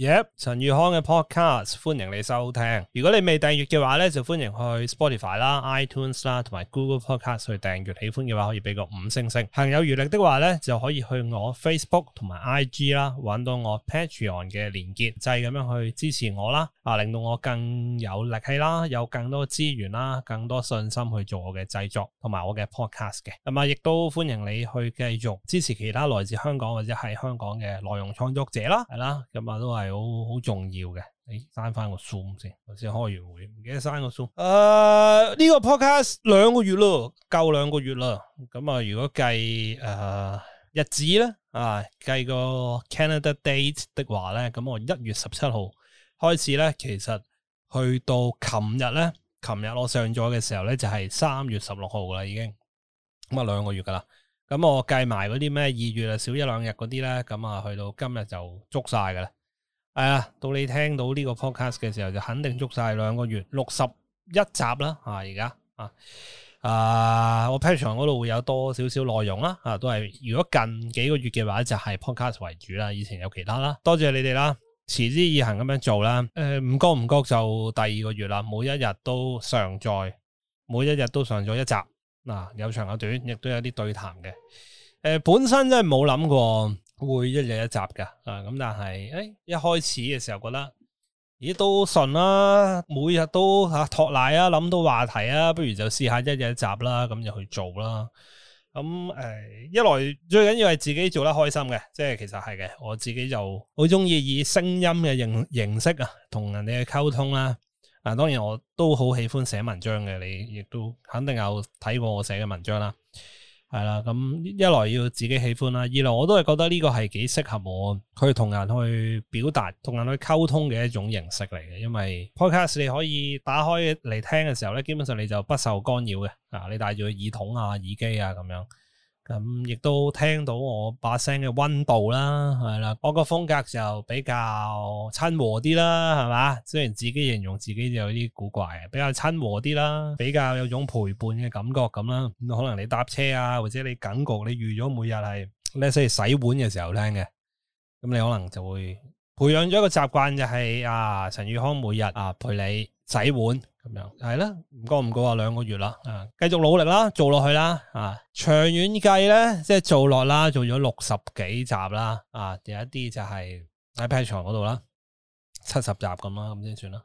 Yep，陳宇康嘅 Podcast，歡迎你收聽。如果你未訂閱嘅話咧，就歡迎去 Spotify 啦、iTunes 啦，同埋 Google Podcast 去訂閱。喜歡嘅話，可以俾個五星星。行有餘力的話咧，就可以去我 Facebook 同埋 IG 啦，揾到我 Patreon 嘅連結，就係、是、咁樣去支持我啦。啊，令到我更有力氣啦，有更多資源啦，更多信心去做我嘅製作同埋我嘅 Podcast 嘅。咁、嗯、啊，亦都歡迎你去繼續支持其他來自香港或者係香港嘅內容創作者啦，係、嗯、啦。咁、嗯、啊，都係。好好重要嘅，誒，刪翻個 Zoom 先，我先開完會，唔記得刪個 Zoom。誒，呢個 podcast 兩個月咯，夠兩個月啦。咁、嗯、啊，如果計誒、呃、日子咧，啊，計個 Canada date 的話咧，咁我一月十七號開始咧，其實去到琴日咧，琴日我上咗嘅時候咧，就係、是、三月十六號啦，已經咁啊，兩個月噶啦。咁我計埋嗰啲咩二月啊，少一兩日嗰啲咧，咁、嗯、啊，去到今日就捉晒噶啦。係啊，到你聽到呢個 podcast 嘅時候，就肯定足晒兩個月，六十一集啦嚇，而家啊啊我 Patreon 嗰度會有多少少內容啦嚇、啊，都係如果近幾個月嘅話，就係、是、podcast 為主啦。以前有其他啦，多謝你哋啦，持之以恆咁樣做啦。誒、呃，唔覺唔覺就第二個月啦，每一日都上載，每一日都上載一集嗱、啊，有長有短，亦都有啲對談嘅。誒、呃，本身真係冇諗過。會一日一集噶，啊咁但係，誒、哎、一開始嘅時候覺得，咦都順啦，每日都吓托賴啊，諗、啊、到話題啊，不如就試下一日一集啦，咁就去做啦。咁、嗯、誒、哎、一來最緊要係自己做得開心嘅，即係其實係嘅，我自己就好中意以聲音嘅形形式啊，同人哋溝通啦。啊當然我都好喜歡寫文章嘅，你亦都肯定有睇過我寫嘅文章啦。係啦，咁、嗯、一來要自己喜歡啦，二來我都係覺得呢個係幾適合我去同人去表達、同人去溝通嘅一種形式嚟嘅，因為 Podcast 你可以打開嚟聽嘅時候咧，基本上你就不受干擾嘅，啊，你戴住個耳筒啊、耳機啊咁樣。咁亦、嗯、都聽到我把聲嘅溫度啦，係啦，我個風格就比較親和啲啦，係嘛？雖然自己形容自己就有啲古怪嘅，比較親和啲啦，比較有種陪伴嘅感覺咁啦。可能你搭車啊，或者你感覺你預咗每日係呢啲即係洗碗嘅時候聽嘅，咁你可能就會培養咗一個習慣，就係，就係啊陳宇康每日啊陪你。洗碗咁樣係啦，唔覺唔覺啊，兩個月啦，啊，繼續努力啦，做落去啦，啊，長遠計咧，即係做落啦，做咗六十幾集啦，啊，有一啲就係喺鋪床嗰度啦，七十集咁咯，咁先算啦。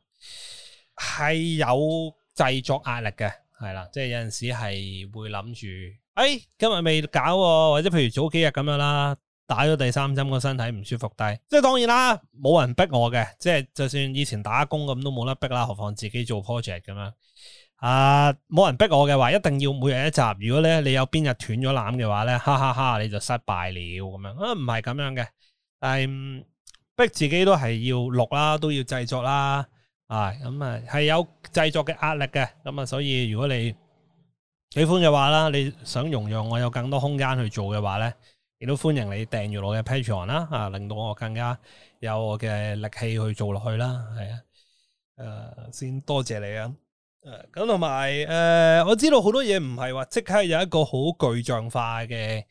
係有製作壓力嘅，係啦，即係有陣時係會諗住，哎，今日未搞，啊，或者譬如早幾日咁樣啦。打咗第三針個身體唔舒服低，即係當然啦，冇人逼我嘅，即係就算以前打工咁都冇得逼啦，何況自己做 project 咁樣啊，冇人逼我嘅話，一定要每日一集。如果咧你有邊日斷咗纜嘅話咧，哈哈哈，你就失敗了咁樣啊，唔係咁樣嘅，嗯，逼自己都係要錄啦，都要製作啦，啊、哎，咁啊係有製作嘅壓力嘅，咁、嗯、啊所以如果你喜歡嘅話啦，你想容讓我有更多空間去做嘅話咧。亦都歡迎你訂閱我嘅 Patreon 啦，啊，令到我更加有我嘅力氣去做落去啦，係啊，誒，先多謝你啊，誒、啊，咁同埋誒，我知道好多嘢唔係話即刻有一個好具象化嘅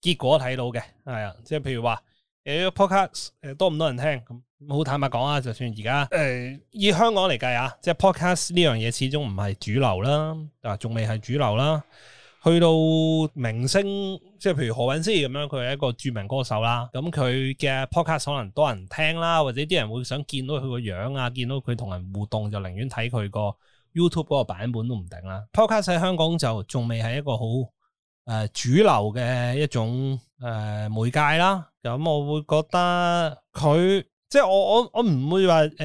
結果睇到嘅，係啊，即係譬如話誒、這個、podcast 誒、啊、多唔多人聽，咁好坦白講啊，就算而家誒以香港嚟計啊，即係 podcast 呢樣嘢始終唔係主流啦，啊，仲未係主流啦。去到明星，即係譬如何韻詩咁樣，佢係一個著名歌手啦。咁佢嘅 podcast 可能多人聽啦，或者啲人會想見到佢個樣啊，見到佢同人互動，就寧願睇佢個 YouTube 嗰個版本都唔定啦。Podcast 喺香港就仲未係一個好誒、呃、主流嘅一種誒、呃、媒介啦。咁我會覺得佢即係我我我唔會話誒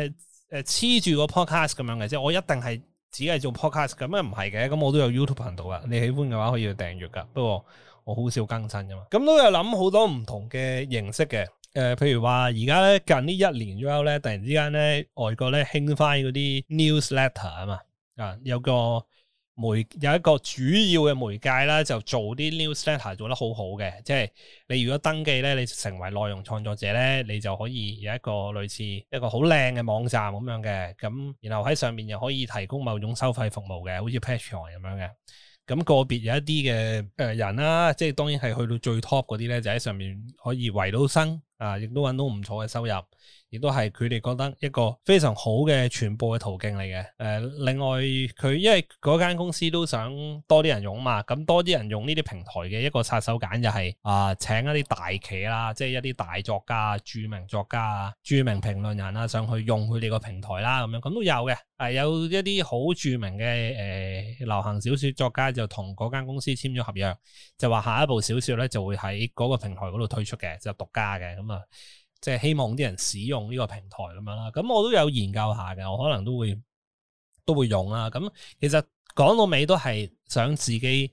誒黐住個 podcast 咁樣嘅，啫，我一定係。只係做 podcast 咁啊，唔係嘅，咁我都有 YouTube 頻道啊。你喜歡嘅話可以去訂閱噶，不過我好少更新噶嘛。咁都有諗好多唔同嘅形式嘅，誒、呃，譬如話而家咧近呢一年左右咧，突然之間咧外國咧興翻嗰啲 newsletter 啊嘛，啊有個。媒有一個主要嘅媒介啦，就做啲 newsletter 做得好好嘅，即係你如果登記呢，你就成為內容創作者呢，你就可以有一個類似一個好靚嘅網站咁樣嘅，咁然後喺上面又可以提供某種收費服務嘅，好似 Patreon 咁樣嘅，咁、那個別有一啲嘅人啦，即係當然係去到最 top 嗰啲咧，就喺上面可以維到生。啊，亦都揾到唔錯嘅收入，亦都係佢哋覺得一個非常好嘅傳播嘅途徑嚟嘅。誒、呃，另外佢因為嗰間公司都想多啲人用嘛，咁多啲人用呢啲平台嘅一個殺手鐧就係、是、啊、呃，請一啲大企啦，即係一啲大作家、著名作家啊、著名評論人啊，上去用佢哋個平台啦，咁樣咁都有嘅。係、呃、有一啲好著名嘅誒、呃、流行小說作家就同嗰間公司簽咗合約，就話下一部小說咧就會喺嗰個平台嗰度推出嘅，就是、獨家嘅。嘛，即係希望啲人使用呢個平台咁樣啦。咁我都有研究下嘅，我可能都會都會用啦。咁其實講到尾都係想自己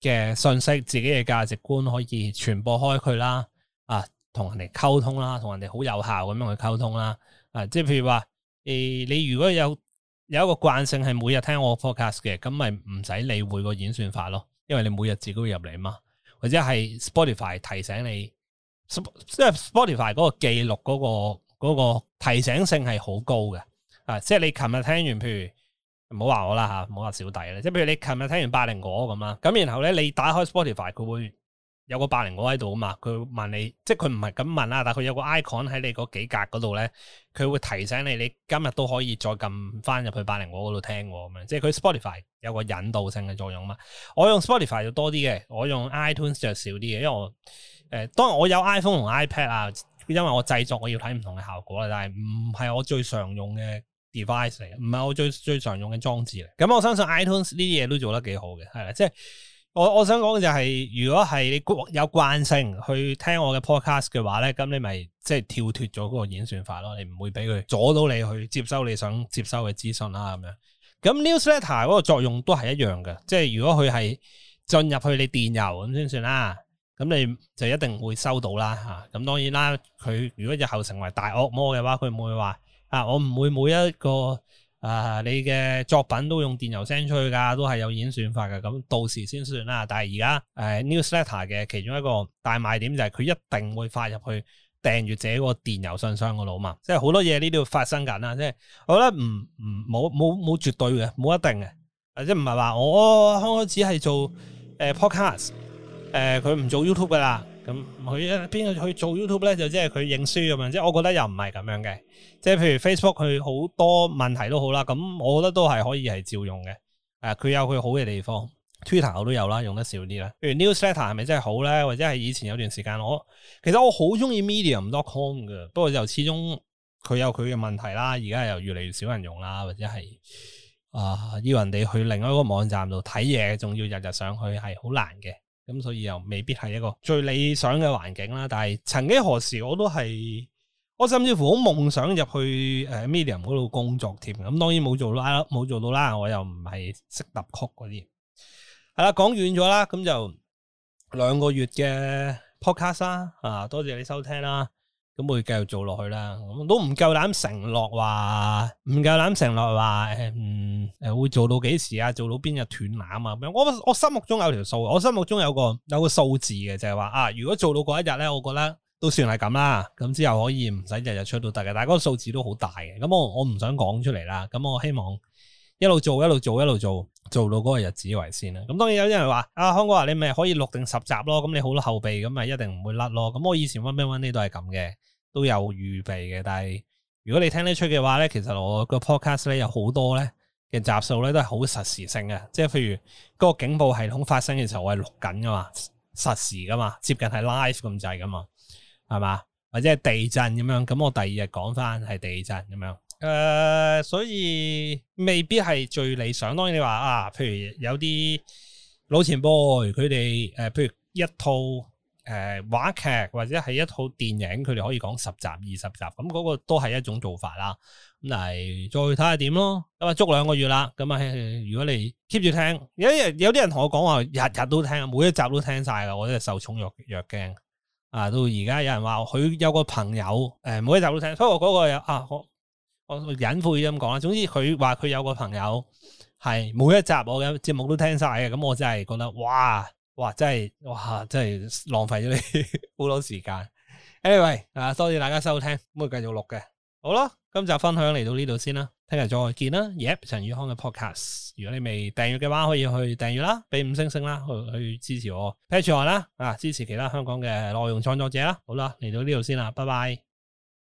嘅信息、自己嘅價值觀可以傳播開佢啦。啊，同人哋溝通啦，同人哋好有效咁樣去溝通啦。啊，即係譬如話誒、呃，你如果有有一個慣性係每日聽我 forecast 嘅，咁咪唔使理會個演算法咯，因為你每日自己都入嚟嘛，或者係 Spotify 提醒你。即係 Spotify 嗰個記錄嗰個嗰個提醒性係好高嘅，啊！即係你琴日聽完，譬如唔好話我啦吓，唔好話小弟啦，即係譬如你琴日聽完百靈果咁啦，咁然後咧你打開 Spotify 佢會，有個八零鳥喺度啊嘛，佢問你，即係佢唔係咁問啦，但係佢有個 icon 喺你嗰幾格嗰度咧，佢會提醒你，你今日都可以再撳翻入去八零鳥嗰度聽咁樣，即係佢 Spotify 有個引導性嘅作用嘛。我用 Spotify 就多啲嘅，我用 iTunes 就少啲嘅，因為我誒、呃，當然我有 iPhone 同 iPad 啊，因為我製作我要睇唔同嘅效果啊，但係唔係我最常用嘅 device 嚟，唔係我最最常用嘅裝置嚟。咁我相信 iTunes 呢啲嘢都做得幾好嘅，係啦，即係。我我想講嘅就係、是、如果係你有慣性去聽我嘅 podcast 嘅話咧，咁你咪即係跳脱咗嗰個演算法咯，你唔會俾佢阻到你去接收你想接收嘅資訊啦咁樣。咁 newsletter 嗰個作用都係一樣嘅，即係如果佢係進入去你電郵咁先算啦，咁你就一定會收到啦吓。咁、啊、當然啦，佢如果日後成為大惡魔嘅話，佢唔會話啊，我唔會每一個。啊！你嘅作品都用電郵 send 出去噶，都係有演算法嘅。咁到時先算啦。但係而家、呃、newsletter 嘅其中一個大賣點就係佢一定會發入去訂住自己個電郵信箱嗰度嘛。即係好多嘢呢啲發生緊啦。即係我覺得唔唔冇冇冇絕對嘅，冇一定嘅，或者唔係話我開始係做、呃、Podcast，誒佢唔做 YouTube 噶啦。咁佢邊個去做 YouTube 咧？就即係佢認輸咁樣，即係我覺得又唔係咁樣嘅。即係譬如 Facebook 佢好多問題都好啦，咁我覺得都係可以係照用嘅。誒、啊，佢有佢好嘅地方，Twitter 我都有啦，用得少啲啦。譬如 Newsletter 係咪真係好咧？或者係以前有段時間我其實我好中意 Medium.com 嘅，不過就始終佢有佢嘅問題啦。而家又越嚟越少人用啦，或者係啊要人哋去另外一個網站度睇嘢，仲要日日上去係好難嘅。咁所以又未必係一個最理想嘅環境啦，但係曾幾何時我都係，我甚至乎好夢想入去誒 Medium 嗰度工作添，咁當然冇做啦，冇做到啦，我又唔係識揼曲嗰啲，係啦，講遠咗啦，咁就兩個月嘅 Podcast 啦，啊，啊多謝你收聽啦。咁會繼續做落去啦，我都唔夠膽承諾話，唔夠膽承諾話，嗯，誒，會做到幾時啊？做到邊日斷纜啊？咁樣，我我心目中有條數，我心目中有個有個數字嘅，就係話啊，如果做到嗰一日咧，我覺得都算係咁啦，咁之後可以唔使日日出都得嘅，但係嗰個數字都好大嘅，咁我我唔想講出嚟啦，咁我希望。一路做一路做一路做，做到嗰個日子為先啦。咁當然有啲人話，阿康哥話，你咪可以錄定十集咯。咁你好多後備，咁咪一定唔會甩咯。咁我以前溫兵溫啲都係咁嘅，都有預備嘅。但係如果你聽得出嘅話咧，其實我個 podcast 咧有好多咧嘅集數咧都係好實時性嘅。即係譬如嗰、嗰個警報系統發生嘅時候，我係錄緊噶嘛，實時噶嘛，接近係 live 咁滯噶嘛，係嘛？或者係地震咁樣，咁我第二日講翻係地震咁樣。誒、呃，所以未必係最理想。當然你話啊，譬如有啲老前輩佢哋誒，譬如一套誒、呃、話劇或者係一套電影，佢哋可以講十集二十集，咁、嗯、嗰、那個都係一種做法啦。咁、嗯、係再睇下點咯。咁啊，足兩個月啦。咁、嗯、啊，如果你 keep 住聽，有啲人有啲人同我講話，日日都聽，每一集都聽晒噶。我真係受寵若若驚。啊，到而家有人話佢有個朋友誒、呃，每一集都聽。不過嗰個又啊。啊啊我隱晦咁講啦，總之佢話佢有個朋友係每一集我嘅節目都聽晒嘅，咁我真係覺得哇哇真係哇真係浪費咗你好多時間。Anyway 啊，多謝大家收聽，咁我繼續錄嘅，好啦，今集分享嚟到呢度先啦，聽日再見啦。y e p 陳宇康嘅 podcast，如果你未訂閱嘅話，可以去訂閱啦，俾五星星啦，去去支持我 patron 啦，Patreon, 啊支持其他香港嘅內容創作者啦。好啦，嚟到呢度先啦，拜拜。